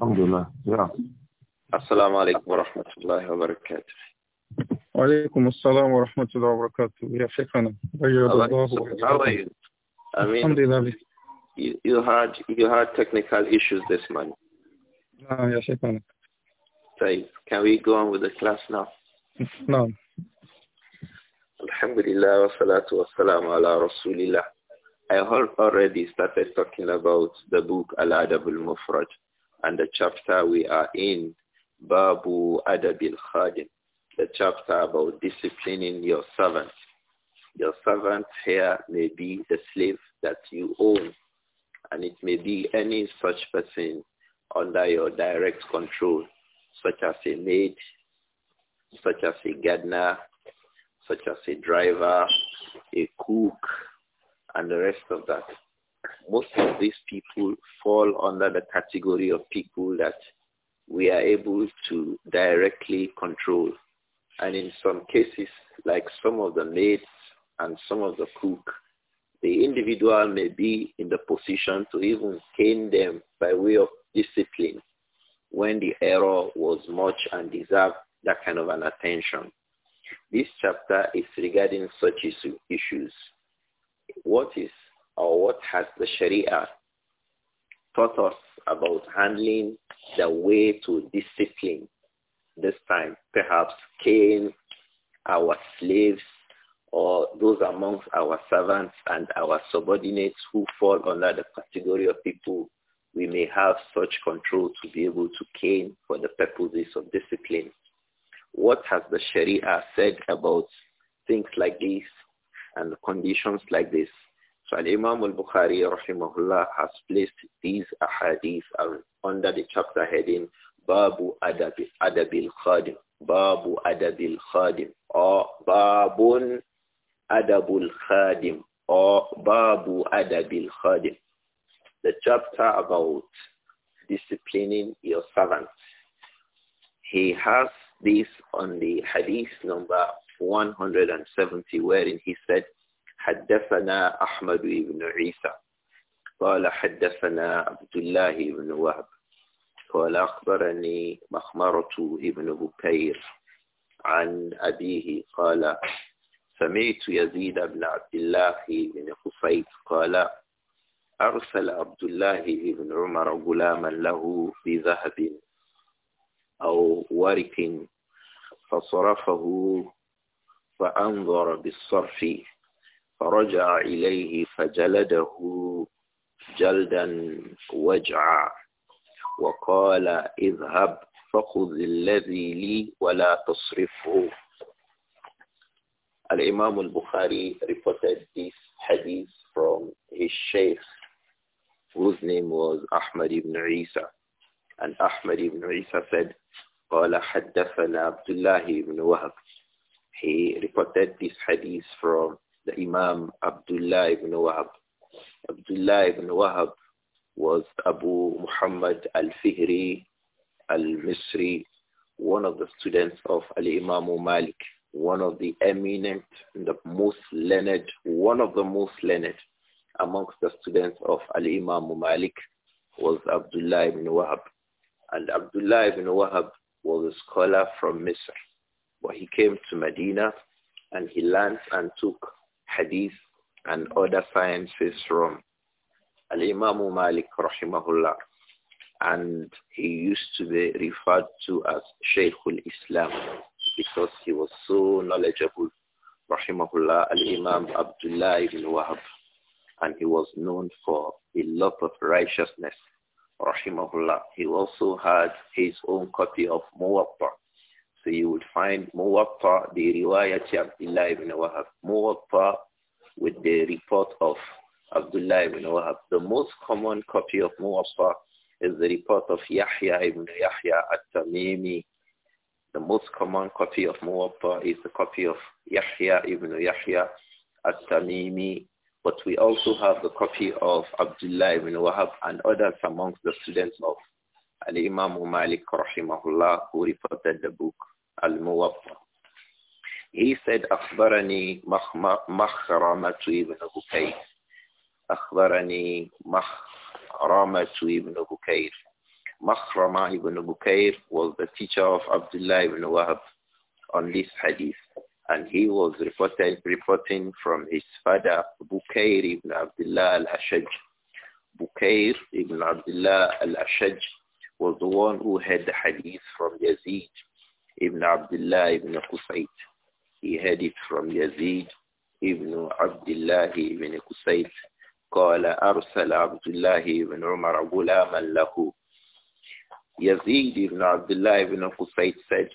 Alhamdulillah. Yeah. Assalamu alaikum wa rahmatullahi wa barakatuh. Wa alaikum assalam wa rahmatullahi wa barakatuh. Ya Sheikh, How are you? I mean, Alhamdulillah. You, had, you had technical issues this morning. No, ah, I Shaykhana. طيب, can we go on with the class now? No. Alhamdulillah wa salatu wa salam ala rasulillah. I already started talking about the book Al-Adab al-Mufraj. And the chapter we are in, Babu Adabil Khadim, the chapter about disciplining your servant. Your servant here may be the slave that you own, and it may be any such person under your direct control, such as a maid, such as a gardener, such as a driver, a cook, and the rest of that most of these people fall under the category of people that we are able to directly control. And in some cases, like some of the maids and some of the cook, the individual may be in the position to even cane them by way of discipline when the error was much and deserved that kind of an attention. This chapter is regarding such issues. What is or what has the Sharia taught us about handling the way to discipline this time, perhaps cane our slaves or those amongst our servants and our subordinates who fall under the category of people we may have such control to be able to cane for the purposes of discipline. What has the Sharia said about things like this and conditions like this? So Imam al-Bukhari rahimahullah has placed these ahadith under the chapter heading Babu Adabi, Adabil Khadim, Babu Adabil Khadim, or Babun Adabul Khadim, or Babu Adabil Khadim. The chapter about disciplining your servants. He has this on the hadith number 170 wherein he said, حدثنا أحمد بن عيسى قال حدثنا عبد الله بن وهب قال أخبرني مخمرة بن بكير عن أبيه قال سمعت يزيد بن عبد الله بن خفيت قال أرسل عبد الله بن عمر غلاما له بذهب أو ورق فصرفه فأنظر بالصرف فرجع إليه فجلده جلدا وجعا وقال اذهب فخذ الذي لي ولا تصرفه الإمام البخاري reported this hadith from his sheikh whose name was Ahmad ibn Isa and Ahmad ibn Isa said قال حدثنا عبد الله ibn Wahab he reported this hadith from the Imam Abdullah ibn Wahab. Abdullah ibn Wahab was Abu Muhammad al-Fihri al-Misri, one of the students of al-Imam Malik, one of the eminent, the most learned, one of the most learned amongst the students of al-Imam Malik was Abdullah ibn Wahab. And Abdullah ibn Wahab was a scholar from Misr. But he came to Medina and he learned and took hadith, and other sciences from Al-Imam Malik rahimahullah. And he used to be referred to as Shaykhul Islam because he was so knowledgeable, rahimahullah, Al-Imam Abdullah ibn Wahab. And he was known for a lot of righteousness, rahimahullah. He also had his own copy of Muwatta, so you would find Muwatta, the riwayat Abdullah ibn Wahab. Muwatta with the report of Abdullah ibn Wahab. The most common copy of Muwatta is the report of Yahya ibn Yahya at-Tamimi. The most common copy of Muwatta is the copy of Yahya ibn Yahya at-Tamimi. But we also have the copy of Abdullah ibn Wahab and others amongst the students of Al-Imam Malik rahimahullah who reported the book al-Muwatta. He said, أخبرني مخرمة ابن بكير. أخبرني مخرمة ابن بكير. Makhrama ibn Bukair was the teacher of Abdullah ibn Wahab on this hadith. And he was reporting from his father, Bukair ibn Abdullah al-Ashaj. Bukair ibn Abdullah al-Ashaj was the one who had the hadith from Yazid ibn Abdullah ibn Qusayt. He heard it from Yazid ibn Abdullah ibn Qusayt. قال أرسل Abdullah ibn بن عمر غلاما له Yazid ibn Abdullah ibn Qusayt said,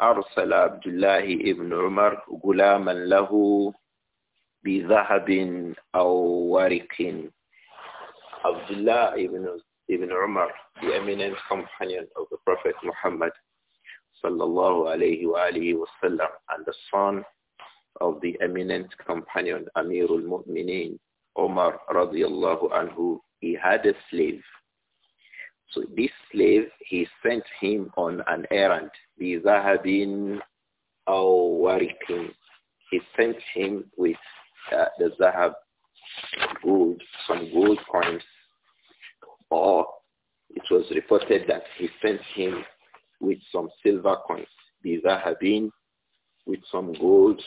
أرسل عبد الله ibn عمر غلاما له بذهب أو ورق Abdullah ibn, ibn Umar, the eminent companion of the Prophet Muhammad sallallahu alayhi wa alihi and the son of the eminent companion Amirul Mu'mineen Omar radiallahu anhu, he had a slave. So this slave, he sent him on an errand, zahabin aw warikin. He sent him with uh, the zahab, gold, some gold coins, or it was reported that he sent him with some silver coins, having, with some gold,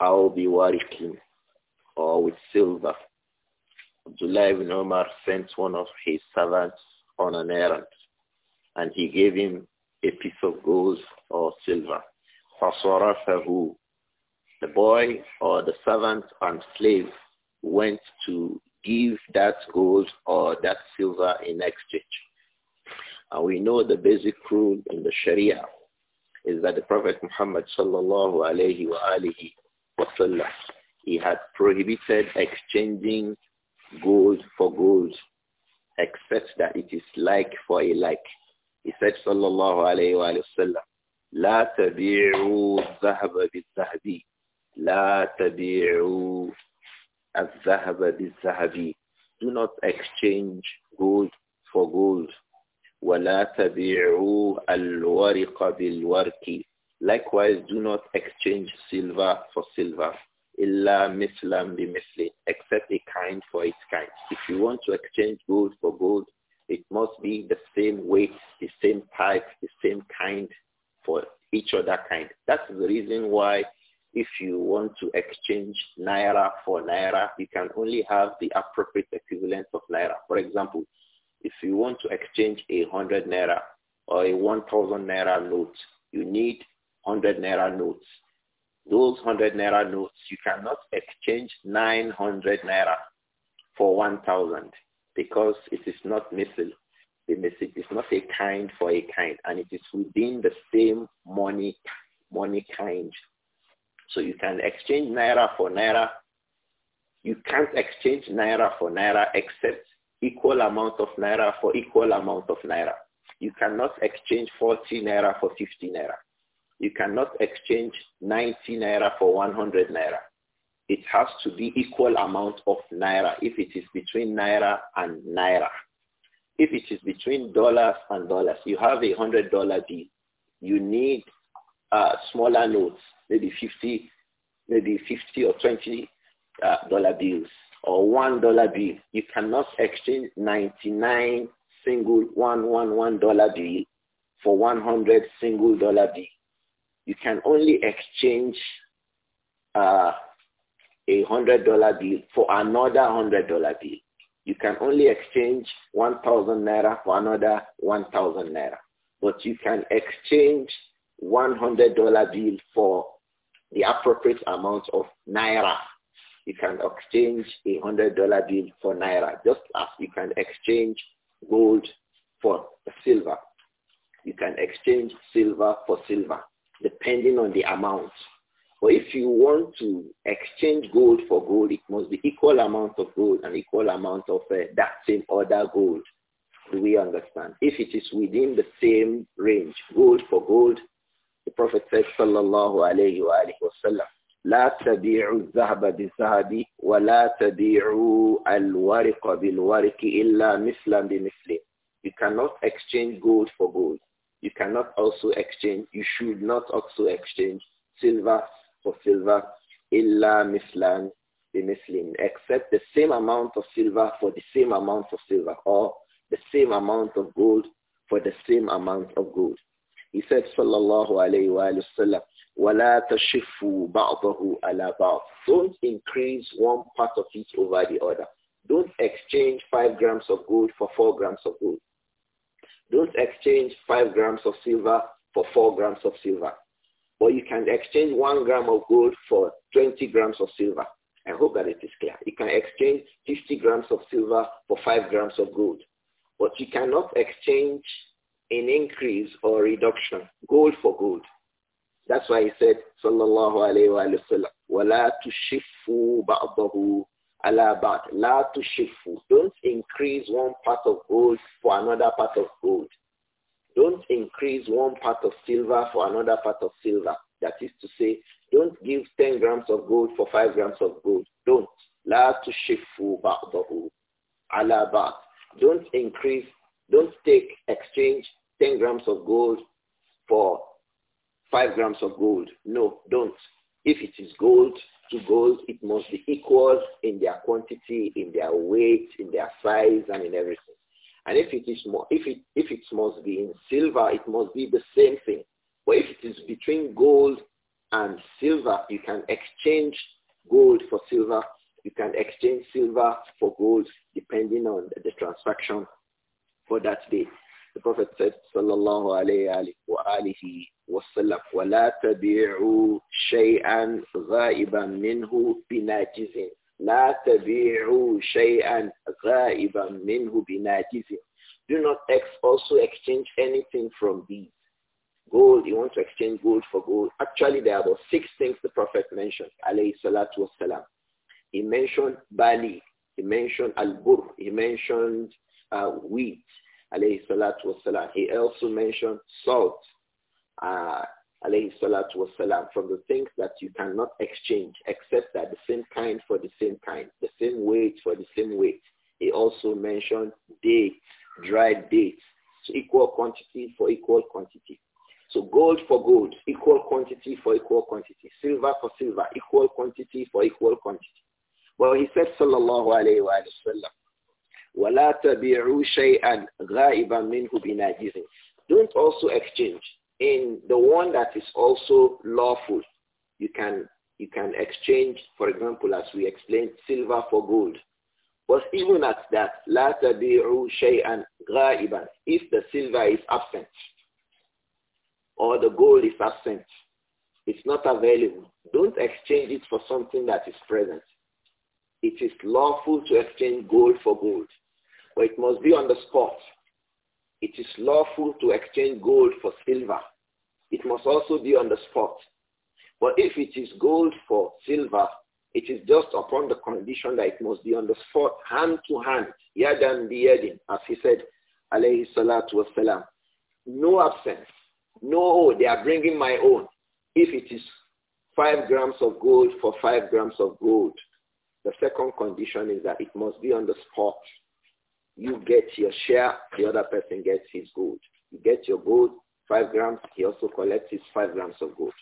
or with silver. Abdullah ibn Omar sent one of his servants on an errand, and he gave him a piece of gold or silver. فَصَرَفَهُ The boy or the servant and slave went to give that gold or that silver in exchange. And we know the basic rule in the Sharia is that the Prophet Muhammad sallallahu alayhi wa alihi wasallam, he had prohibited exchanging gold for gold, except that it is like for a like. He said sallallahu alayhi wa sallam, لا تبيعوا الذهب بالذهب لا تبيعوا الذهب بالذهب Do not exchange gold for gold. وَلَا تَبِيعُوا الْوَرِقَ بِالْوَرْقِ Likewise, do not exchange silver for silver. إِلَّا مِثْلًا بِمِثْلٍ Except a kind for its kind. If you want to exchange gold for gold, it must be the same weight, the same type, the same kind for each other kind. That's the reason why if you want to exchange naira for naira, you can only have the appropriate equivalent of naira. For example, if you want to exchange a 100 naira or a 1,000 naira note, you need 100 naira notes. Those 100 naira notes, you cannot exchange 900 naira for 1,000 because it is not missile. The message is not a kind for a kind, and it is within the same money, money kind. So you can exchange naira for naira. You can't exchange naira for naira except equal amount of naira for equal amount of naira. You cannot exchange 40 naira for 50 naira. You cannot exchange 90 naira for 100 naira. It has to be equal amount of naira if it is between naira and naira. If it is between dollars and dollars, you have a $100 bill. You need uh, smaller notes, maybe 50, maybe 50 or 20 uh, dollar bills or one dollar bill. You cannot exchange 99 single one one one dollar bill for 100 single dollar bill. You can only exchange uh, a hundred dollar bill for another hundred dollar bill. You can only exchange 1,000 naira for another 1,000 naira. But you can exchange $100 bill for the appropriate amount of naira you can exchange a $100 bill for naira, just as you can exchange gold for silver. You can exchange silver for silver, depending on the amount. But if you want to exchange gold for gold, it must be equal amount of gold and equal amount of uh, that same other gold. Do we understand? If it is within the same range, gold for gold, the Prophet said, sallallahu alayhi wa alayhi wa sallam, لا تبيعوا الذهب بالذهب ولا تبيعوا الورق بالورق إلا مثلا بمثله. You cannot exchange gold for gold. You cannot also exchange, you should not also exchange silver for silver إلا مثلا بمثل except the same amount of silver for the same amount of silver or the same amount of gold for the same amount of gold. He said sallallahu alayhi wa sallam وَلَا تَشِفُّوا بَعْضَهُ عَلَى بَعْضٍ Don't increase one part of it over the other. Don't exchange five grams of gold for four grams of gold. Don't exchange five grams of silver for four grams of silver. Or you can exchange one gram of gold for 20 grams of silver. I hope that it is clear. You can exchange 50 grams of silver for 5 grams of gold. But you cannot exchange an increase or reduction, gold for gold. That's why he said, sallallahu alayhi wa, alayhi wa sallam, ولا تُشِفُّوا بَعْضَهُ عَلَى بَعْضٍ تشف تُشِفُّوا Don't increase one part of gold for another part of gold. Don't increase one part of silver for another part of silver. That is to say, don't give 10 grams of gold for 5 grams of gold. Don't. لَا تشف بَعْضَهُ عَلَى بَعْضٍ Don't increase, don't take, exchange 10 grams of gold for five grams of gold. No, don't. If it is gold to gold, it must be equal in their quantity, in their weight, in their size, and in everything. And if it is more, if it if it must be in silver, it must be the same thing. But if it is between gold and silver, you can exchange gold for silver. You can exchange silver for gold depending on the, the transaction for that day. The Prophet said, Sallallahu Alaihi والسلف ولا تبيعوا شيئا غائبا منه بناجز لا تبيعوا شيئا غائبا منه بناجز Do not ex also exchange anything from these. Gold, you want to exchange gold for gold. Actually, there are about six things the Prophet mentioned, alayhi salatu wasalam. He mentioned barley. He mentioned al-bur. He mentioned uh, wheat, alayhi salatu wasalam. He also mentioned salt, uh, alayhi salatu wasalam, from the things that you cannot exchange except that the same kind for the same kind, the same weight for the same weight. He also mentioned dates, dried dates, so equal quantity for equal quantity. So gold for gold, equal quantity for equal quantity. Silver for silver, equal quantity for equal quantity. Well, he said, sallallahu alayhi wa sallam, وَلَا تَبِعُوا شَيْئًا غَائِبًا مِنْهُ بِنَاجِزٍ Don't also exchange in the one that is also lawful. You can, you can exchange, for example, as we explained, silver for gold. But even at that, لا تبيعوا شيئا غائبا if the silver is absent or the gold is absent, it's not available. Don't exchange it for something that is present. It is lawful to exchange gold for gold, but it must be on the spot. It is lawful to exchange gold for silver. It must also be on the spot. But if it is gold for silver, it is just upon the condition that it must be on the spot, hand to hand, yadan biyadin, as he said, alayhi salatu wasalam. No absence. No, oh, they are bringing my own. If it is five grams of gold for five grams of gold, the second condition is that it must be on the spot. You get your share, the other person gets his gold. You get your gold, five grams, he also collects his five grams of gold.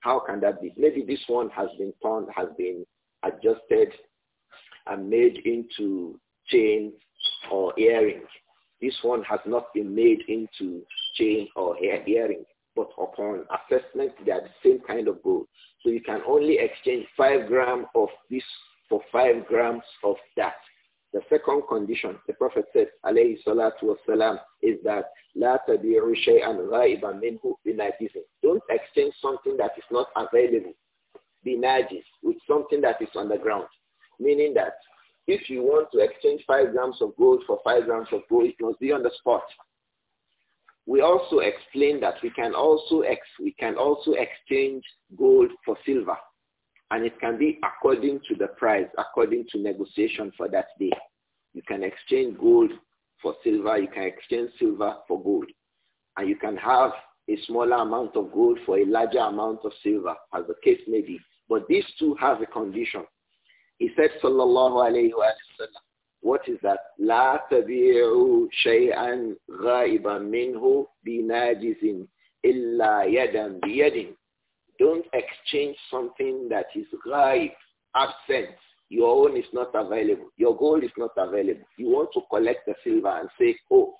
How can that be? Maybe this one has been turned, has been adjusted and made into chain or earring. This one has not been made into chain or earring, but upon assessment, they are the same kind of gold. So you can only exchange five grams of this for five grams of that. The second condition, the Prophet says, alayhi salatu wasalam, is that la tabi'u shay'an ghaiban minhu binajis. Don't exchange something that is not available, binajis, with something that is on the ground. Meaning that if you want to exchange five grams of gold for five grams of gold, it must be on the spot. We also explain that we can also, ex we can also exchange gold for silver. And it can be according to the price, according to negotiation for that day. You can exchange gold for silver. You can exchange silver for gold. And you can have a smaller amount of gold for a larger amount of silver, as the case may be. But these two have a condition. He said, sallallahu alayhi Wasallam." what is that? لا تبيعوا شيئا غائبا منه بناجز إلا يدا بيد don't exchange something that is right absent. Your own is not available. Your gold is not available. You want to collect the silver and say, oh,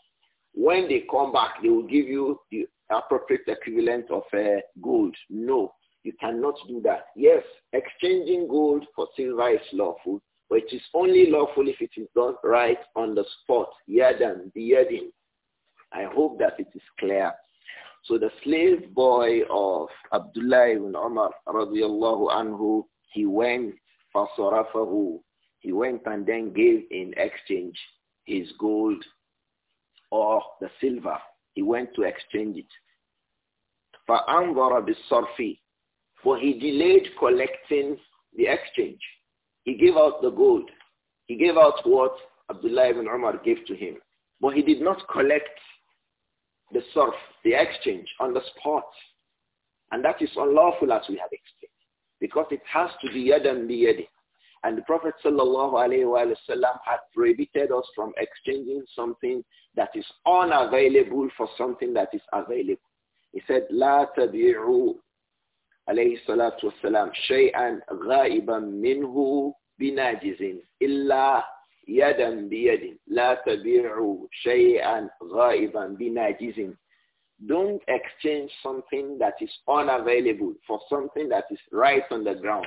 when they come back, they will give you the appropriate equivalent of uh, gold. No, you cannot do that. Yes, exchanging gold for silver is lawful, but it is only lawful if it is done right on the spot, yadam, biyadin. I hope that it is clear. So the slave boy of Abdullah ibn Umar radiallahu anhu, he went فصرفه. He went and then gave in exchange his gold or the silver. He went to exchange it. فأنظر بالصرف. For he delayed collecting the exchange. He gave out the gold. He gave out what Abdullah ibn Umar gave to him. But he did not collect the surf, the exchange on the spot. And that is unlawful as we have explained because it has to be yadan be yadin. And the Prophet sallallahu had prohibited us from exchanging something that is unavailable for something that is available. He said, لا تبيعوا عليه الصلاة والسلام شيئا غائبا منه بناجز إلا don't exchange something that is unavailable for something that is right on the ground.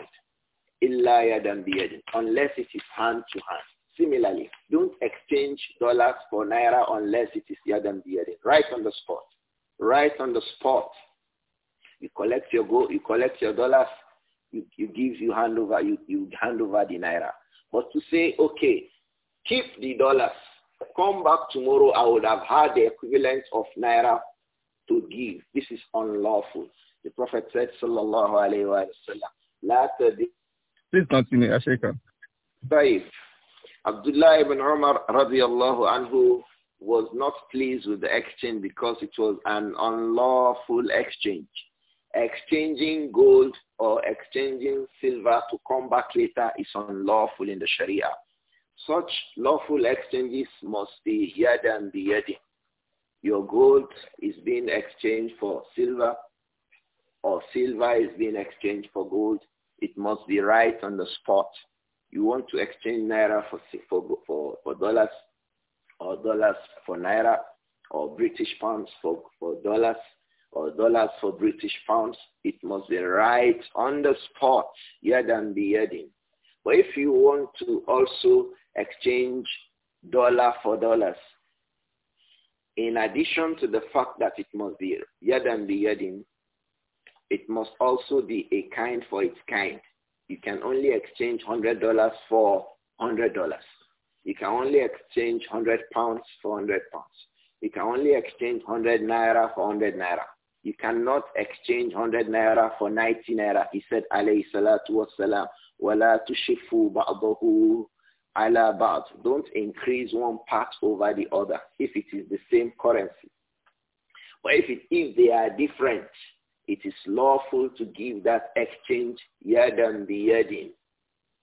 Illa yadan biyadin. Unless it is hand to hand. Similarly, don't exchange dollars for naira unless it is yadan biyadin. Right on the spot. Right on the spot. You collect your go, you collect your dollars, you, you give, you hand over, you, you hand over the naira. But to say, okay, keep the dollars. Come back tomorrow, I would have had the equivalent of naira to give. This is unlawful. The Prophet said, Sallallahu Alaihi Wasallam, Please continue, Ashika. Taif. Abdullah ibn Umar radiallahu anhu was not pleased with the exchange because it was an unlawful exchange. Exchanging gold or exchanging silver to come back later is unlawful in the Sharia. Such lawful exchanges must be and be biyadin. Your gold is being exchanged for silver or silver is being exchanged for gold. It must be right on the spot. You want to exchange naira for, for, for, for dollars or dollars for naira or British pounds for, for dollars or dollars for British pounds. It must be right on the spot, and be biyadin. But if you want to also exchange dollar for dollars. In addition to the fact that it must be and be yadin, it must also be a kind for its kind. You can only exchange $100 for $100. You can only exchange 100 pounds for 100 pounds. You can only exchange 100 naira for 100 naira. You cannot exchange 100 naira for 90 naira. He said, alayhi salatu wassalam, wala tushifu ba'dahu ala about Don't increase one part over the other if it is the same currency. But if, it, if they are different, it is lawful to give that exchange yadan the yadin,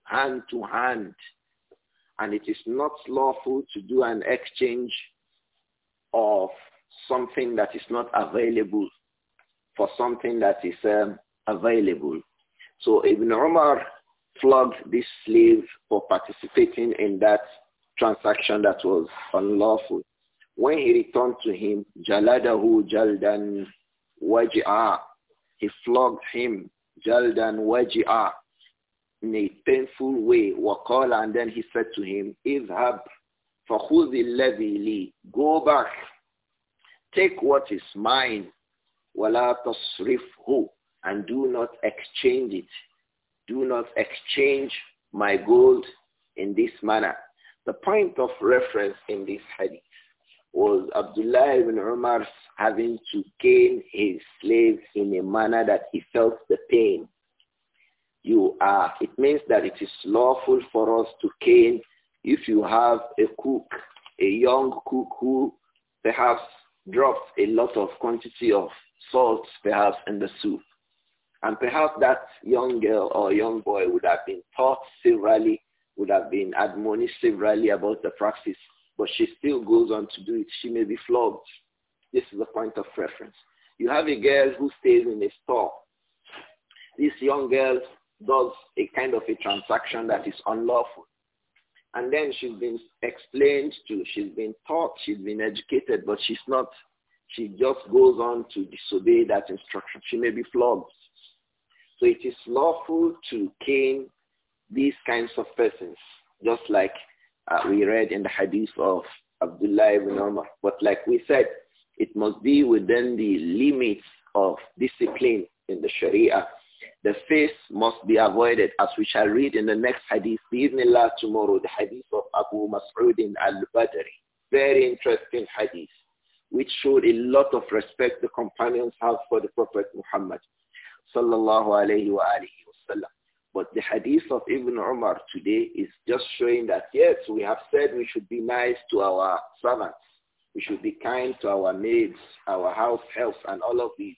hand to hand. And it is not lawful to do an exchange of something that is not available for something that is um, available. So Ibn Umar flogged this slave for participating in that transaction that was unlawful. When he returned to him, Jaladahu Jaldan Waji'a. He flogged him, Jaldan Waji'a, in a painful way. Waqala, and then he said to him, Izhab, fakhudhi alladhi Go back. Take what is mine. Wala tasrifhu. And do not exchange it do not exchange my gold in this manner. The point of reference in this hadith was Abdullah ibn Umar having to cane his slaves in a manner that he felt the pain. You are, it means that it is lawful for us to cane if you have a cook, a young cook who perhaps drops a lot of quantity of salt perhaps in the soup. And perhaps that young girl or young boy would have been taught severally, would have been admonished severally about the practice, but she still goes on to do it. She may be flogged. This is a point of reference. You have a girl who stays in a store. This young girl does a kind of a transaction that is unlawful. And then she's been explained to, she's been taught, she's been educated, but she's not. She just goes on to disobey that instruction. She may be flogged. So it is lawful to cane these kinds of persons, just like uh, we read in the hadith of Abdullah ibn Umar. But like we said, it must be within the limits of discipline in the Sharia. The face must be avoided as we shall read in the next hadith, Bismillah tomorrow, the hadith of Abu Mas'ud al-Badri. Very interesting hadith, which showed a lot of respect the companions have for the Prophet Muhammad sallallahu alayhi wa wasallam. But the hadith of Ibn Umar today is just showing that yes, we have said we should be nice to our servants. We should be kind to our maids, our house helps, and all of these.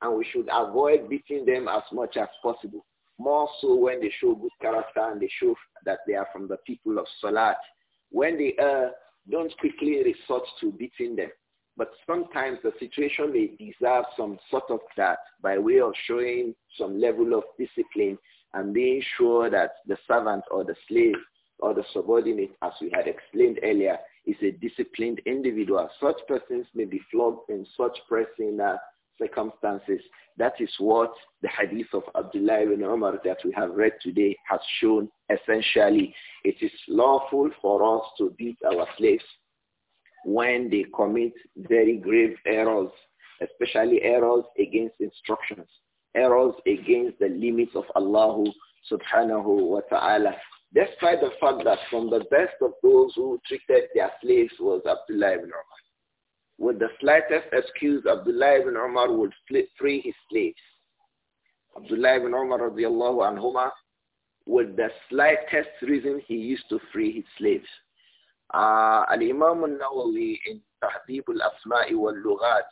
And we should avoid beating them as much as possible. More so when they show good character and they show that they are from the people of Salat. When they err, uh, don't quickly resort to beating them. But sometimes the situation may deserve some sort of that by way of showing some level of discipline and being sure that the servant or the slave or the subordinate, as we had explained earlier, is a disciplined individual. Such persons may be flogged in such pressing circumstances. That is what the hadith of Abdullah ibn Umar that we have read today has shown essentially. It is lawful for us to beat our slaves when they commit very grave errors, especially errors against instructions, errors against the limits of Allah subhanahu wa ta'ala. Despite the fact that from the best of those who treated their slaves was Abdullah ibn Umar. With the slightest excuse, Abdullah ibn Umar would free his slaves. Abdullah ibn Umar radiallahu anhuma, with the slightest reason he used to free his slaves. Uh, Al-Imam al-Nawawi in Tahdib al-Asma'i wal-Lughat,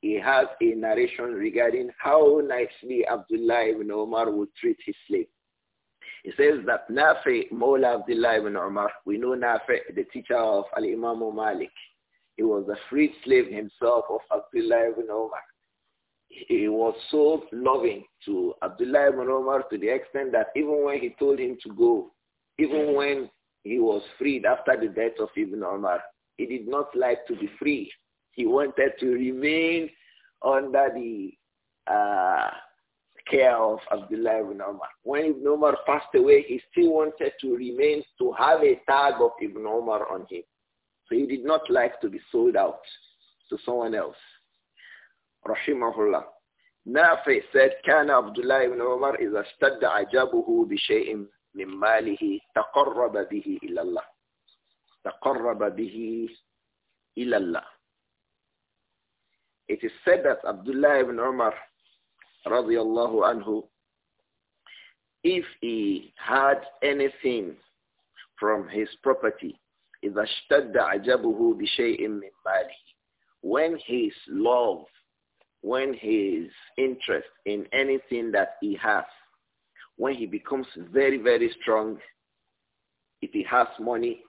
he has a narration regarding how nicely Abdullah ibn Umar would treat his slave. He says that Nafi, Mawla Abdullah ibn Umar, we know Nafi, the teacher of Al-Imam Malik. He was a freed slave himself of Abdullah ibn Umar. He was so loving to Abdullah ibn Umar to the extent that even when he told him to go, even when he was freed after the death of Ibn Omar. He did not like to be free. He wanted to remain under the uh, care of Abdullah ibn Omar. When Ibn Omar passed away, he still wanted to remain to have a tag of Ibn Omar on him. So he did not like to be sold out to someone else. Rahimahullah. Nafi said, كان عبد الله بن عمر إذا اشتد عجبه بشيء من ماله تقرب به إلى الله تقرب به إلى Allah. It is said that Abdullah ibn Umar radiallahu anhu if he had anything from his property إذا اشتد عجبه بشيء من ماله when his love when his interest in anything that he has when he becomes very, very strong, if he has money,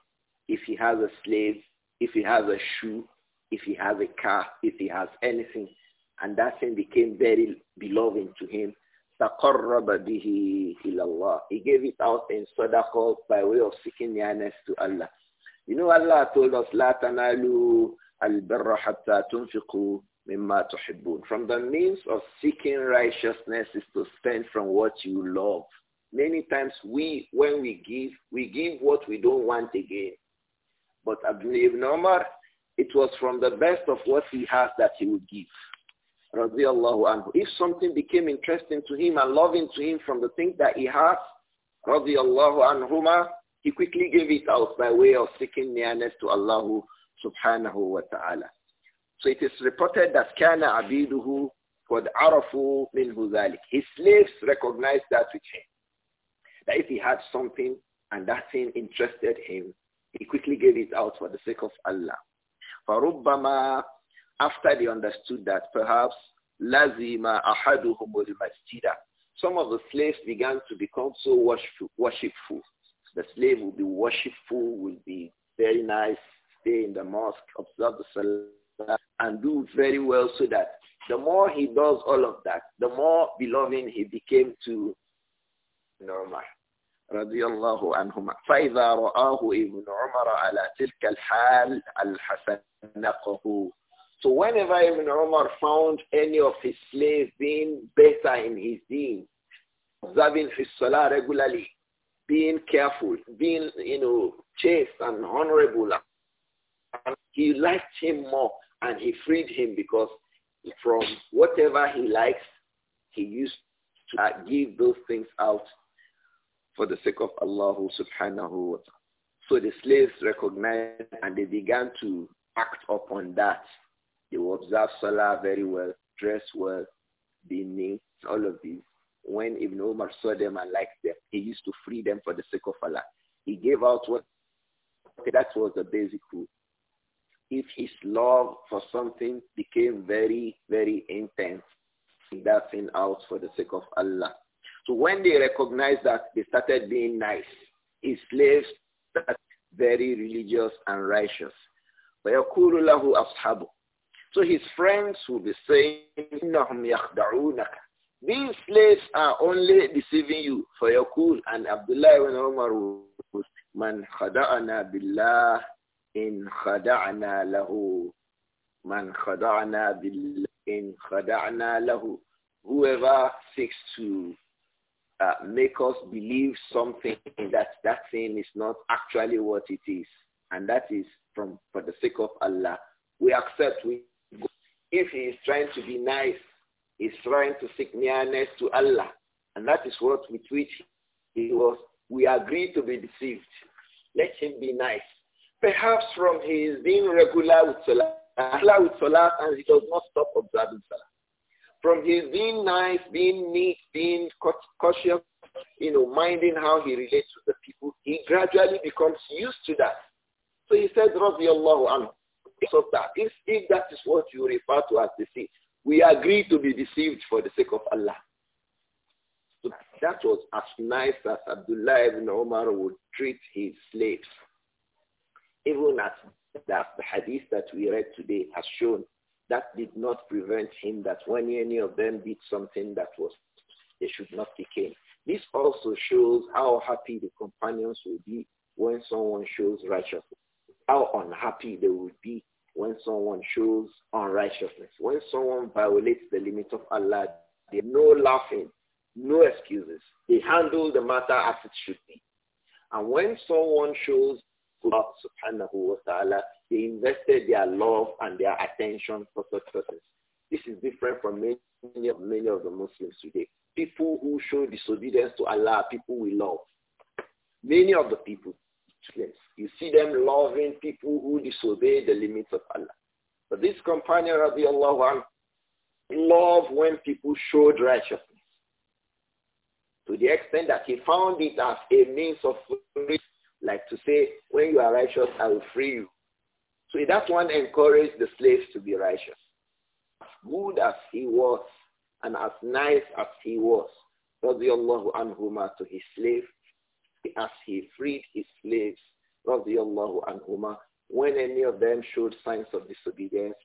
if he has a slave, if he has a shoe, if he has a car, if he has anything, and that thing became very beloved to him, he gave it out in sadaqah by way of seeking nearness to Allah. You know Allah told us, لا تنالوا البر حتى from the means of seeking righteousness is to spend from what you love. Many times we, when we give, we give what we don't want again. But Abdul Ibn Omar, it was from the best of what he has that he would give. anhu. If something became interesting to him and loving to him from the things that he has, radiallahu anhuma, he quickly gave it out by way of seeking nearness to Allah subhanahu wa ta'ala. So it is reported that Kana عبيده called عرفوا منه ذلك. His slaves recognized that with him. That if he had something and that thing interested him, he quickly gave it out for the sake of Allah. فربما after they understood that perhaps لَزِمَ أَحَدُهُمُ الْمَسْجِدَ Some of the slaves began to become so worshipful. The slave will be worshipful, will be very nice, stay in the mosque, observe the salah, and do very well so that the more he does all of that, the more beloved he became to Umar. رضي الله فإذا رآه ابن عمر على تلك الحال الحسنقه So whenever Ibn Umar found any of his slaves being better in his deen, observing his salah regularly, being careful, being, you know, chaste and honorable, he liked him more. And he freed him because from whatever he likes, he used to uh, give those things out for the sake of Allah subhanahu wa ta'ala. So the slaves recognized and they began to act upon that. They will observe Salah very well, dress well, be neat, all of these. When Ibn Omar saw them and liked them, he used to free them for the sake of Allah. He gave out what, okay, that was the basic rule if his love for something became very, very intense, that thing out for the sake of Allah. So when they recognized that, they started being nice. His slaves started very religious and righteous. So his friends will be saying, These slaves are only deceiving you. For your cool and Abdullah ibn Umar Man khada'ana billah إن خدعنا له من خدعنا بال إن خدعنا له whoever seeks to uh, make us believe something that that thing is not actually what it is and that is from for the sake of Allah we accept we if he is trying to be nice he's trying to seek nearness to Allah and that is what with which he was we agree to be deceived let him be nice Perhaps from his being regular with Salah, regular with Salah and he does not stop observing Salah. From his being nice, being neat, being cautious, you know, minding how he relates to the people, he gradually becomes used to that. So he says, Radiallahu anhu, because of that, if, if that is what you refer to as deceit, we agree to be deceived for the sake of Allah. So that was as nice as Abdullah ibn Omar would treat his slaves even as that the hadith that we read today has shown, that did not prevent him that when any of them did something that was they should not be came. This also shows how happy the companions will be when someone shows righteousness, how unhappy they will be when someone shows unrighteousness, when someone violates the limits of Allah, there's no laughing, no excuses. They handle the matter as it should be. And when someone shows Allah subhanahu wa ta'ala, they invested their love and their attention for such persons. This is different from many, many, many of the Muslims today. People who show disobedience to Allah, people we love. Many of the people, Muslims, you see them loving people who disobey the limits of Allah. But this companion, radiallahu anhu, loved when people showed righteousness to the extent that he found it as a means of like to say, when you are righteous, I will free you. So that one encouraged the slaves to be righteous. As good as he was and as nice as he was, radiallahu anhuma to his slave, as he freed his slaves, radiallahu anhuma, when any of them showed signs of disobedience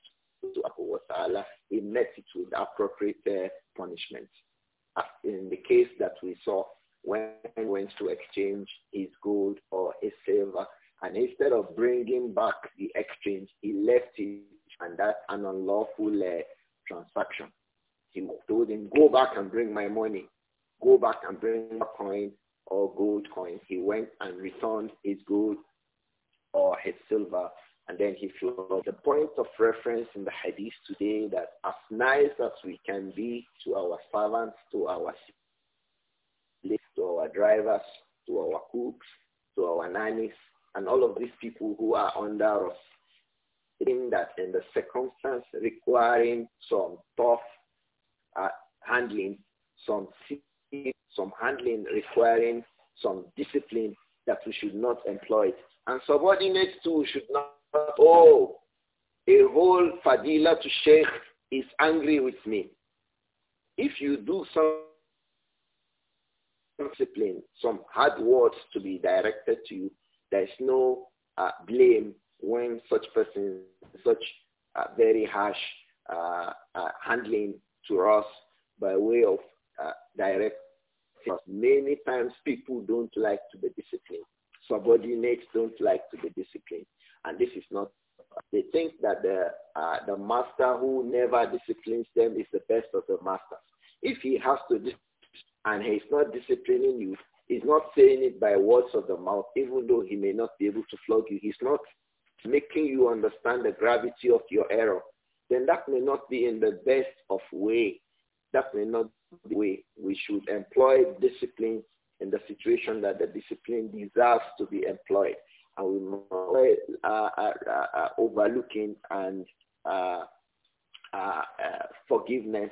to Ta'ala, he met it with appropriate uh, punishment. As in the case that we saw when he went to exchange his gold or his silver. And instead of bringing back the exchange, he left it, and that's an unlawful uh, transaction. He told him, go back and bring my money. Go back and bring my coin or gold coin. He went and returned his gold or his silver, and then he flowed. The point of reference in the hadith today that as nice as we can be to our servants, to our to our drivers, to our cooks, to our nannies, and all of these people who are under us. In that, in the circumstance requiring some tough uh, handling, some some handling requiring some discipline that we should not employ. And subordinates too should not. Oh, a whole fadila to sheikh is angry with me. If you do something discipline, some hard words to be directed to you. There is no uh, blame when such person, such uh, very harsh uh, uh handling to us by way of uh, direct. Many times people don't like to be disciplined. Subordinates don't like to be disciplined. And this is not, they think that the, uh, the master who never disciplines them is the best of the masters. If he has to and he's not disciplining you, he's not saying it by words of the mouth, even though he may not be able to flog you, he's not making you understand the gravity of your error, then that may not be in the best of way. That may not be the way. We should employ discipline in the situation that the discipline deserves to be employed. And we are uh, uh, uh, uh, overlooking and uh, uh, forgiveness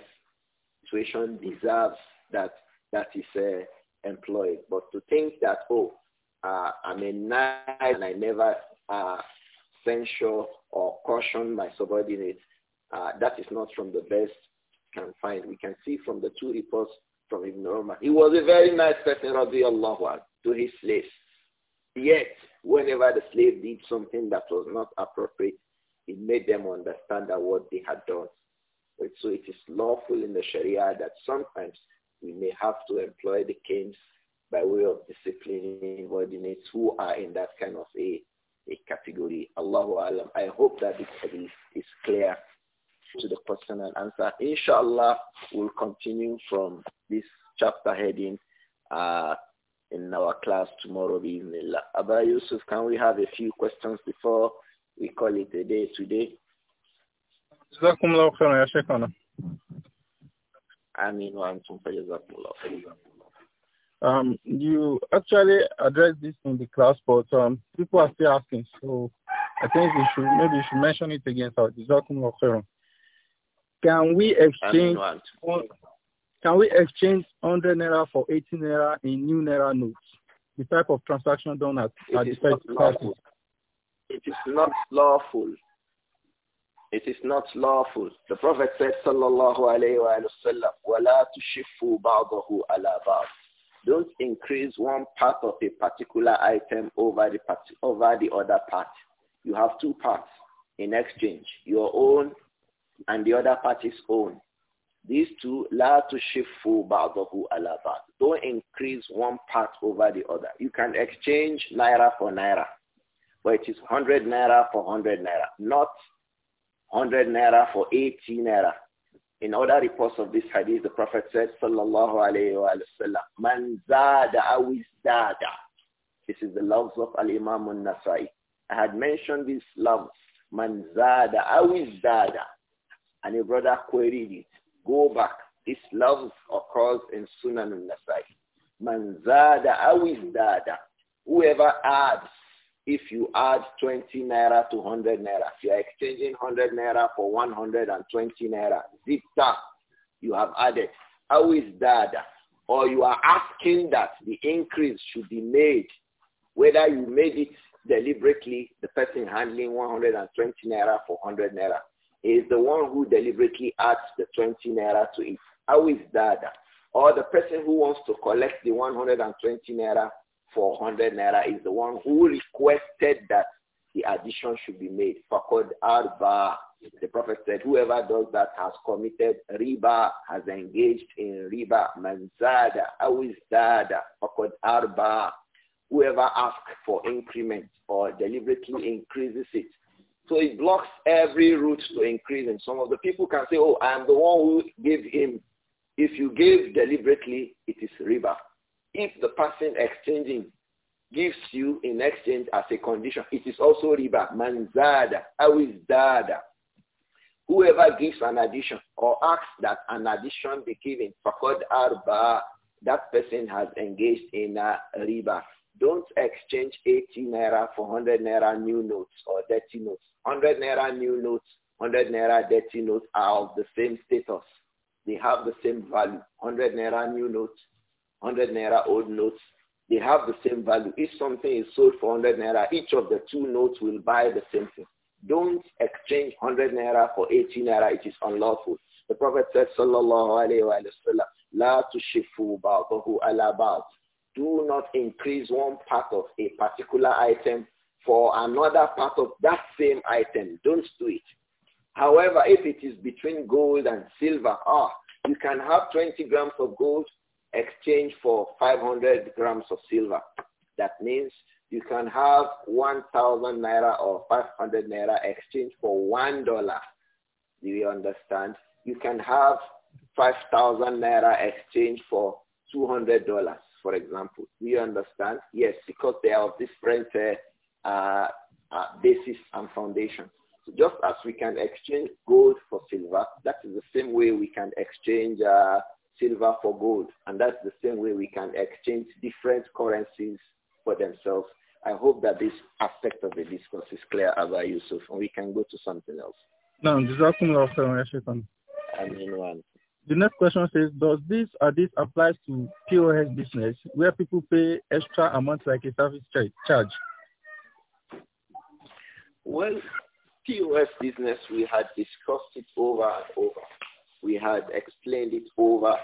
situation deserves that that is uh, employed. But to think that, oh, uh, I'm a knight and I never uh, censure or caution my subordinates, uh, that is not from the best can find. We can see from the two reports from Ibn Umar. He was a very nice person, radiallahu to his slaves. Yet, whenever the slave did something that was not appropriate, it made them understand that what they had done. So it is lawful in the Sharia that sometimes we may have to employ the canes by way of disciplining ordinates who are in that kind of a, a category. Allahu Alam. I hope that this hadith is clear to the question and answer. Inshallah, we'll continue from this chapter heading uh, in our class tomorrow evening. Abu Yusuf, can we have a few questions before we call it a day today? Amin wa um, you actually addressed this in the class, but um, people are still asking, so I think we should maybe you should mention it again. So, can we exchange can we exchange 100 naira for 18 naira in new naira notes? The type of transaction done at, at the It is not lawful. It is not lawful. The Prophet said, sallallahu alayhi wa sallam, وَلَا تُشِفُّوا بَعْضَهُ عَلَى بَعْضٍ Don't increase one part of a particular item over the, part, over the other part. You have two parts in exchange, your own and the other party's own. These two, لَا تُشِفُّوا بَعْضَهُ عَلَى بَعْضٍ Don't increase one part over the other. You can exchange naira for naira, but it is 100 naira for 100 naira, not 100 naira for 80 naira. In other reports of this hadith, the Prophet said, Sallallahu alayhi wa sallam, Man zada dada. This is the loves of Al-Imam al-Nasai. I had mentioned these loves. Man zada dada. And a brother queried it. Go back. This loves occurs in Sunan al-Nasai. Man zada dada. Whoever adds if you add 20 naira to 100 naira, you're exchanging 100 naira for 120 naira. Zip tap, you have added. How is that? Or you are asking that the increase should be made. Whether you made it deliberately, the person handling 120 naira for 100 naira is the one who deliberately adds the 20 naira to it. How is that? Or the person who wants to collect the 120 naira Four hundred naira is the one who requested that the addition should be made. Fakod arba. The Prophet said, whoever does that has committed riba, has engaged in riba. Manzada, awizdada, fakod arba. Whoever asks for increment or deliberately increases it. So it blocks every route to increase. And some of the people can say, oh, I am the one who gave him. If you give deliberately, it is riba if the person exchanging gives you in exchange as a condition, it is also riba. Manzada, awizdada. Whoever gives an addition or asks that an addition be given, fakod arba, that person has engaged in a riba. Don't exchange 80 naira for 100 naira new notes or dirty notes. 100 naira new notes, 100 naira dirty notes are of the same status. They have the same value. 100 naira new notes, 100 naira old notes, they have the same value. If something is sold for 100 naira, each of the two notes will buy the same thing. Don't exchange 100 naira for 80 naira. It is unlawful. The Prophet said, sallallahu alayhi wasallam, la tushifu ba'dahu ala ba'd. Do not increase one part of a particular item for another part of that same item. Don't do it. However, if it is between gold and silver, ah, you can have 20 grams of gold exchange for 500 grams of silver. That means you can have 1,000 naira or 500 naira exchange for one dollar. Do you understand? You can have 5,000 naira exchange for $200, for example. Do you understand? Yes, because they are of different uh, uh, uh basis and foundations. So just as we can exchange gold for silver, that is the same way we can exchange uh, silver for gold. And that's the same way we can exchange different currencies for themselves. I hope that this aspect of the discourse is clear, about Yusuf, and we can go to something else. Now, The next question says, does this or this applies to POS business where people pay extra amounts like a service charge? Well, POS business, we had discussed it over and over. We had explained it over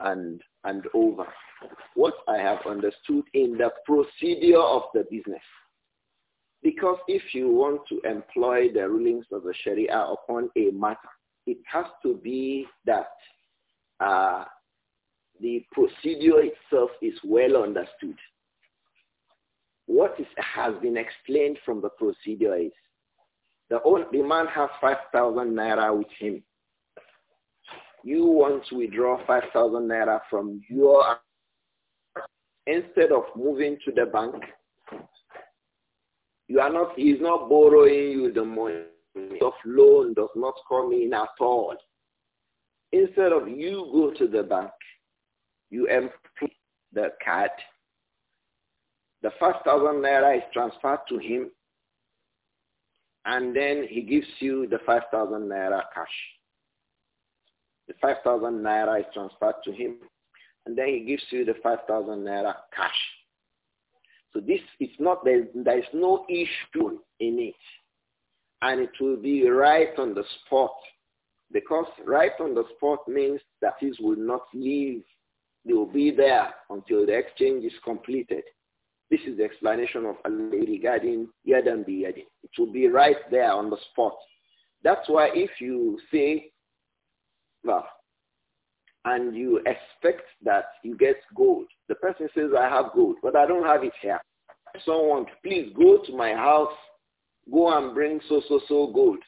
and, and over. What I have understood in the procedure of the business. Because if you want to employ the rulings of the Sharia upon a matter, it has to be that uh, the procedure itself is well understood. What is, has been explained from the procedure is the, old, the man has 5,000 naira with him. You want to withdraw 5,000 naira from your instead of moving to the bank. You are not, he's not borrowing you the money. Of loan does not come in at all. Instead of you go to the bank, you empty the card. The five thousand naira is transferred to him and then he gives you the 5,000 naira cash. The 5,000 naira is transferred to him, and then he gives you the 5,000 naira cash. So this is not, there, there is no issue in it. And it will be right on the spot. Because right on the spot means that he will not leave. They will be there until the exchange is completed. This is the explanation of Ali regarding Yadam bi It will be right there on the spot. That's why if you say and you expect that you get gold. The person says, I have gold, but I don't have it here. Someone, please go to my house, go and bring so, so, so gold.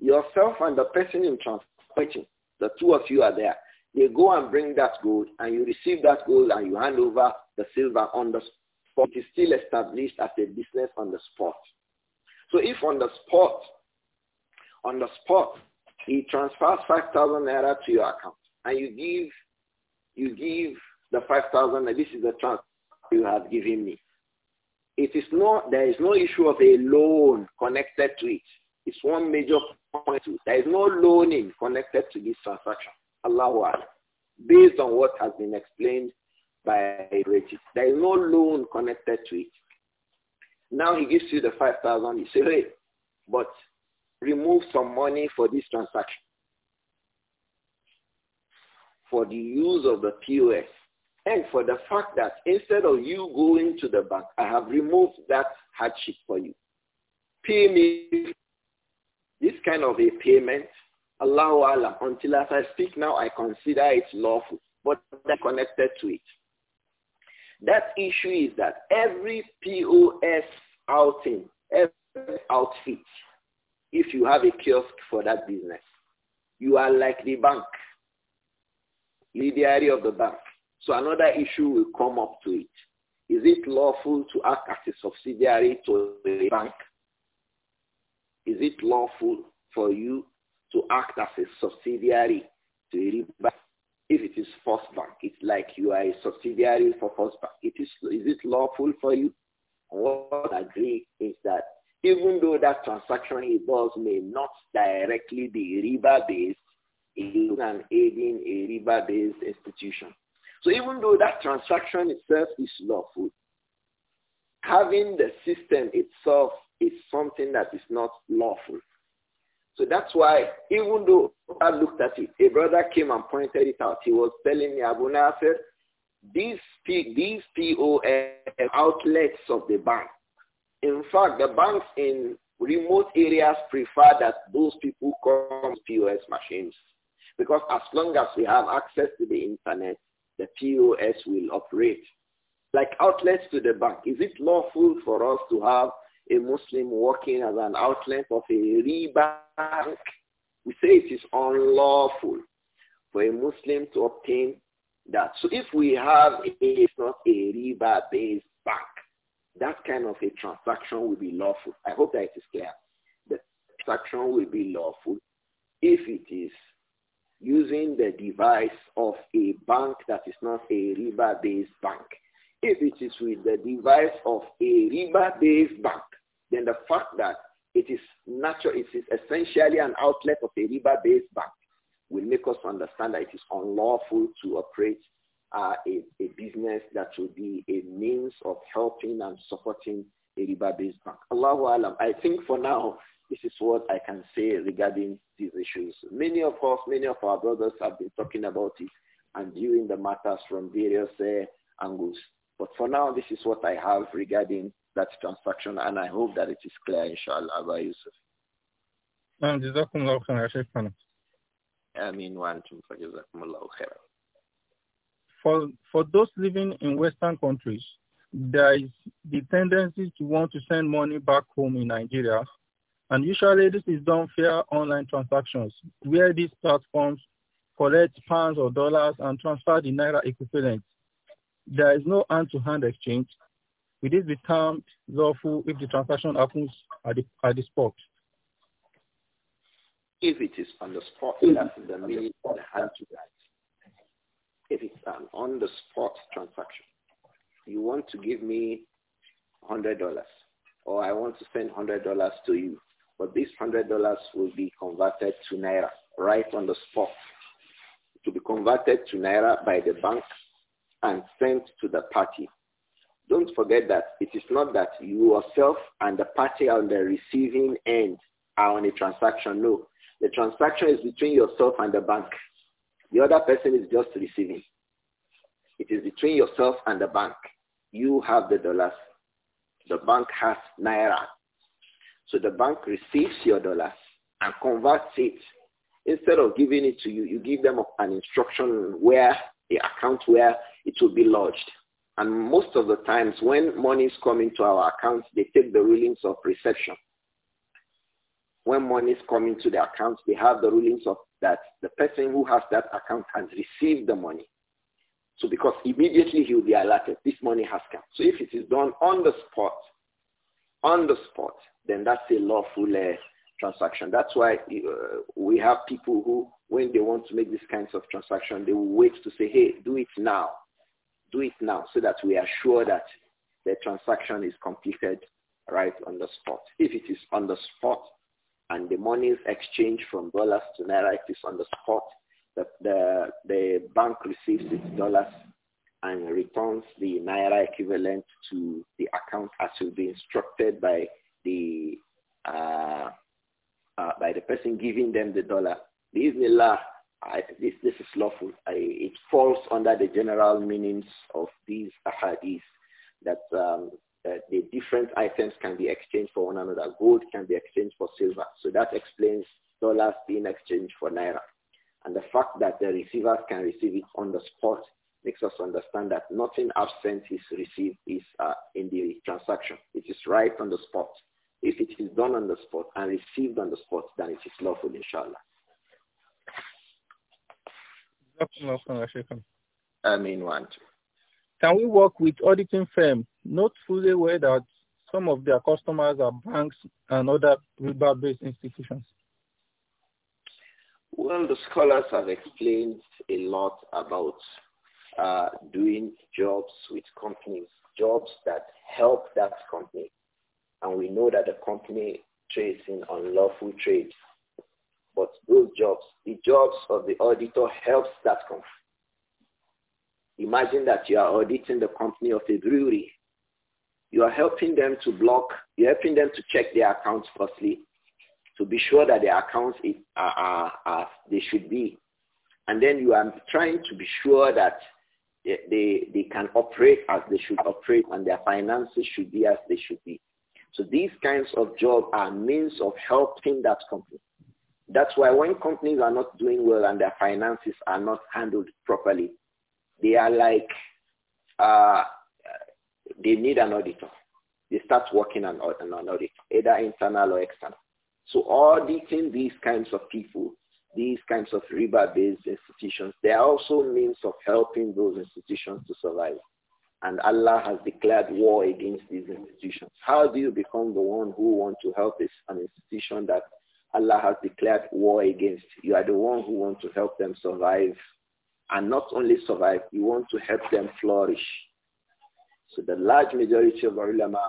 Yourself and the person in transportation, the two of you are there. They go and bring that gold, and you receive that gold, and you hand over the silver on the spot. It is still established as a business on the spot. So if on the spot, on the spot, he transfers 5,000 naira to your account and you give, you give the 5,000 this is the transfer you have given me. It is not, there is no issue of a loan connected to it. It's one major point. There is no loaning connected to this transaction. Allahu Akbar. Based on what has been explained by Regis. There is no loan connected to it. Now he gives you the 5,000. You say, hey, but remove some money for this transaction, for the use of the POS, and for the fact that instead of you going to the bank, I have removed that hardship for you. Pay me this kind of a payment, allow Allah, until as I speak now, I consider it lawful, but I'm connected to it. That issue is that every POS outing, every outfit if you have a kiosk for that business, you are like the bank, lidiary of the bank. So another issue will come up to it. Is it lawful to act as a subsidiary to a bank? Is it lawful for you to act as a subsidiary to a bank? If it is First Bank, it's like you are a subsidiary for First Bank. It is, is it lawful for you? What I agree is that even though that transaction he does may not directly be river-based, it is an aiding a river-based institution. So even though that transaction itself is lawful, having the system itself is something that is not lawful. So that's why, even though I looked at it, a brother came and pointed it out. He was telling me, Abu Nasser, these, P, these POS outlets of the bank, in fact, the banks in remote areas prefer that those people come to POS machines because as long as we have access to the internet, the POS will operate. Like outlets to the bank, is it lawful for us to have a Muslim working as an outlet of a riba bank? We say it is unlawful for a Muslim to obtain that. So if we have a, it's not a riba-based that kind of a transaction will be lawful. I hope that it is clear. The transaction will be lawful if it is using the device of a bank that is not a river based bank. If it is with the device of a river based bank, then the fact that it is natural, it is essentially an outlet of a river based bank will make us understand that it is unlawful to operate uh, a, a business that will be a means of helping and supporting a riba-based bank. Allahu Alam. I think for now, this is what I can say regarding these issues. Many of us, many of our brothers have been talking about it and viewing the matters from various uh, angles. But for now, this is what I have regarding that transaction, and I hope that it is clear, inshallah, by Yusuf. Um, جزاكم الله خيرا يا for, for those living in Western countries, there is the tendency to want to send money back home in Nigeria. And usually this is done via online transactions where these platforms collect pounds or dollars and transfer the Naira equivalent. There is no hand-to-hand exchange. Will this be termed lawful if the transaction happens at the, at the spot? If it is on the spot, that's the meaning of hand-to-hand if it's an on-the-spot transaction, you want to give me $100 or I want to send $100 to you, but this $100 will be converted to Naira right on the spot to be converted to Naira by the bank and sent to the party. Don't forget that it is not that you yourself and the party on the receiving end are on a transaction. No, the transaction is between yourself and the bank. The other person is just receiving. It is between yourself and the bank. You have the dollars. The bank has naira. So the bank receives your dollars and converts it. Instead of giving it to you, you give them an instruction where the account where it will be lodged. And most of the times when monies come into our accounts, they take the rulings of reception. When monies come into the accounts, they have the rulings of that the person who has that account has received the money. So because immediately he will be alerted, this money has come. So if it is done on the spot, on the spot, then that's a lawful uh, transaction. That's why uh, we have people who, when they want to make these kinds of transaction, they will wait to say, hey, do it now. Do it now so that we are sure that the transaction is completed right on the spot. If it is on the spot, and the is exchanged from dollars to naira, it is on the spot. The, the, the bank receives its dollars and returns the naira equivalent to the account as will be instructed by the uh, uh, by the person giving them the dollar. is I, this this is lawful. I, it falls under the general meanings of these ahadith that um, uh, the different items can be exchanged for one another. Gold can be exchanged for silver. So that explains dollars being exchanged for naira. And the fact that the receivers can receive it on the spot makes us understand that nothing absent is received is uh, in the transaction. It is right on the spot. If it is done on the spot and received on the spot, then it is lawful, inshallah. I mean, one, two. Can we work with auditing firms? Note fully aware that some of their customers are banks and other river-based institutions. Well, the scholars have explained a lot about uh, doing jobs with companies, jobs that help that company. And we know that the company trades in unlawful trade. But those jobs, the jobs of the auditor helps that company. Imagine that you are auditing the company of a brewery. You are helping them to block, you're helping them to check their accounts firstly to be sure that their accounts are, are, are they should be. And then you are trying to be sure that they, they, they can operate as they should operate and their finances should be as they should be. So these kinds of jobs are means of helping that company. That's why when companies are not doing well and their finances are not handled properly, they are like, uh, they need an auditor. They start working on an, an audit, either internal or external. So auditing these kinds of people, these kinds of river based institutions, they are also means of helping those institutions to survive. And Allah has declared war against these institutions. How do you become the one who want to help this, an institution that Allah has declared war against? You are the one who want to help them survive and not only survive, you want to help them flourish. So the large majority of ulama,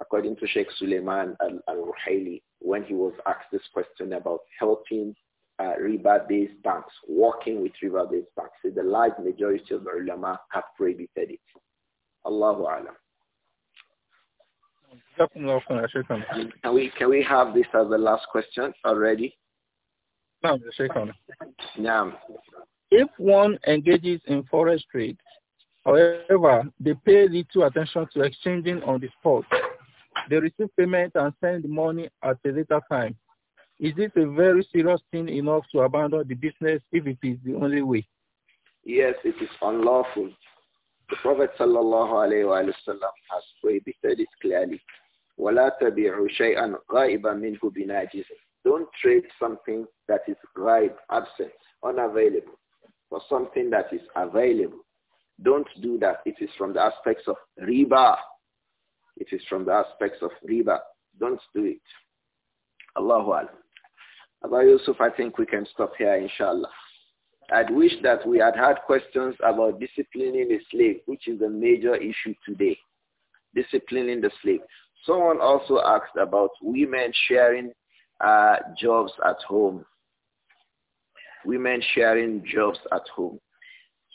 according to Sheikh Suleiman al-Ruhaili, when he was asked this question about helping uh, river-based banks, working with river-based banks, so the large majority of ulama have prohibited it. Allahu Alam. Can we, can we have this as the last question already? No, Sheikh. Yeah. If one engages in forest trade, however, they pay little attention to exchanging on the spot. They receive payment and send money at a later time. Is this a very serious thing enough to abandon the business if it is the only way? Yes, it is unlawful. The Prophet sallallahu has prohibited it clearly. بِنَاجِزٍ Don't trade something that is right absent, unavailable for something that is available. Don't do that. It is from the aspects of riba. It is from the aspects of riba. Don't do it. Allahu Alam. About Yusuf, I think we can stop here, inshallah. I'd wish that we had had questions about disciplining the slave, which is a major issue today. Disciplining the slave. Someone also asked about women sharing uh, jobs at home women sharing jobs at home.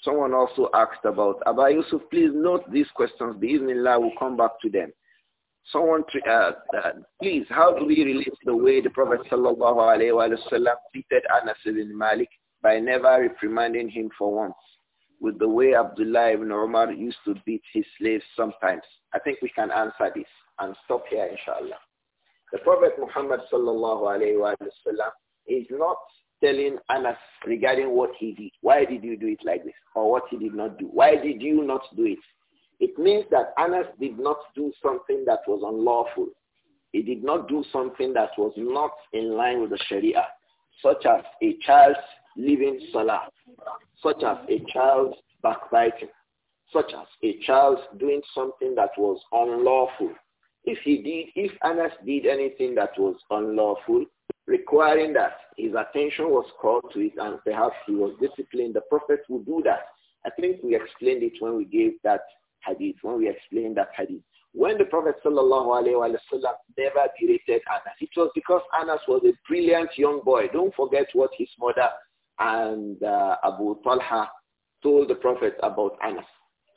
Someone also asked about, Abba Yusuf, please note these questions. The Bismillah will come back to them. Someone, uh, uh, please, how do we relate the way the Prophet sallallahu treated Anas ibn Malik by never reprimanding him for once, with the way Abdullah ibn Umar used to beat his slaves sometimes? I think we can answer this and stop here, inshallah. The Prophet Muhammad sallallahu Alaihi Wasallam is not telling Anas regarding what he did. Why did you do it like this? Or what he did not do? Why did you not do it? It means that Anas did not do something that was unlawful. He did not do something that was not in line with the Sharia, such as a child's leaving Salah, such as a child backbiting, such as a child doing something that was unlawful. If he did, if Anas did anything that was unlawful, requiring that his attention was called to it and perhaps he was disciplined. The Prophet would do that. I think we explained it when we gave that hadith, when we explained that hadith. When the Prophet sallallahu wasallam never berated Anas, it was because Anas was a brilliant young boy. Don't forget what his mother and uh, Abu Talha told the Prophet about Anas.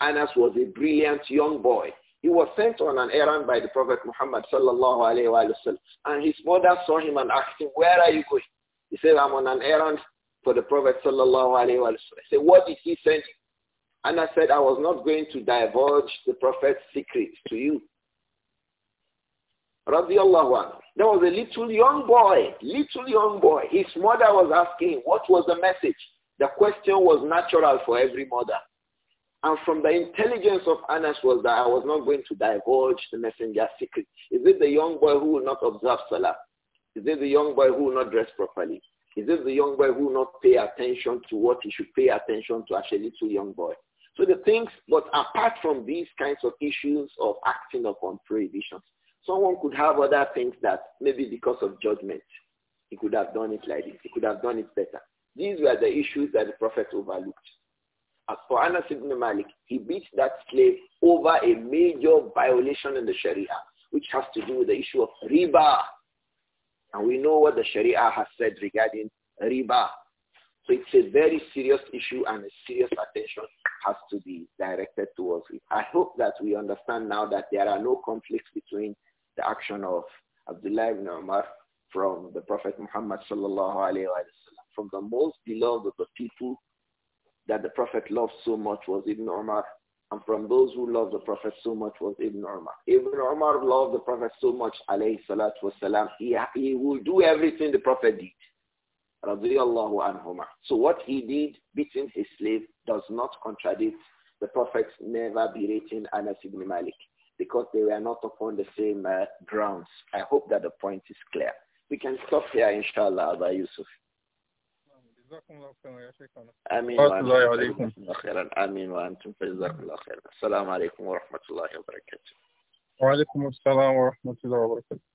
Anas was a brilliant young boy. He was sent on an errand by the Prophet Muhammad sallallahu alayhi And his mother saw him and asked him, where are you going? He said, I'm on an errand for the Prophet sallallahu alayhi wa sallam. I said, what did he send you? And I said, I was not going to divulge the Prophet's secrets to you. Radiallahu anhu. There was a little young boy, little young boy. His mother was asking him, what was the message? The question was natural for every mother. And from the intelligence of Anas was that I was not going to divulge the messenger's secret. Is it the young boy who will not observe Salah? Is it the young boy who will not dress properly? Is it the young boy who will not pay attention to what he should pay attention to as a little young boy? So the things, but apart from these kinds of issues of acting upon prohibitions, someone could have other things that maybe because of judgment, he could have done it like this. He could have done it better. These were the issues that the prophet overlooked. As for Anas ibn Malik, he beat that slave over a major violation in the Sharia, which has to do with the issue of riba. And we know what the Sharia has said regarding riba. So it's a very serious issue and a serious attention has to be directed towards it. I hope that we understand now that there are no conflicts between the action of Abdullah ibn Umar from the Prophet Muhammad sallallahu alayhi wa sallam, from the most beloved of the people that the Prophet loved so much was Ibn Umar. And from those who loved the Prophet so much was Ibn Umar. Ibn Umar loved the Prophet so much, alayhi salatu wasalam. He, he will do everything the Prophet did. Radiallahu anhumah. So what he did, beating his slave, does not contradict the Prophet's never berating Anas ibn Malik because they were not upon the same uh, grounds. I hope that the point is clear. We can stop here, inshallah, by Yusuf. جزاكم الله خيرا يا شيخنا امين الله خيرا امين وانتم فجزاكم الله خيرا السلام عليكم ورحمه الله وبركاته وعليكم السلام ورحمه الله وبركاته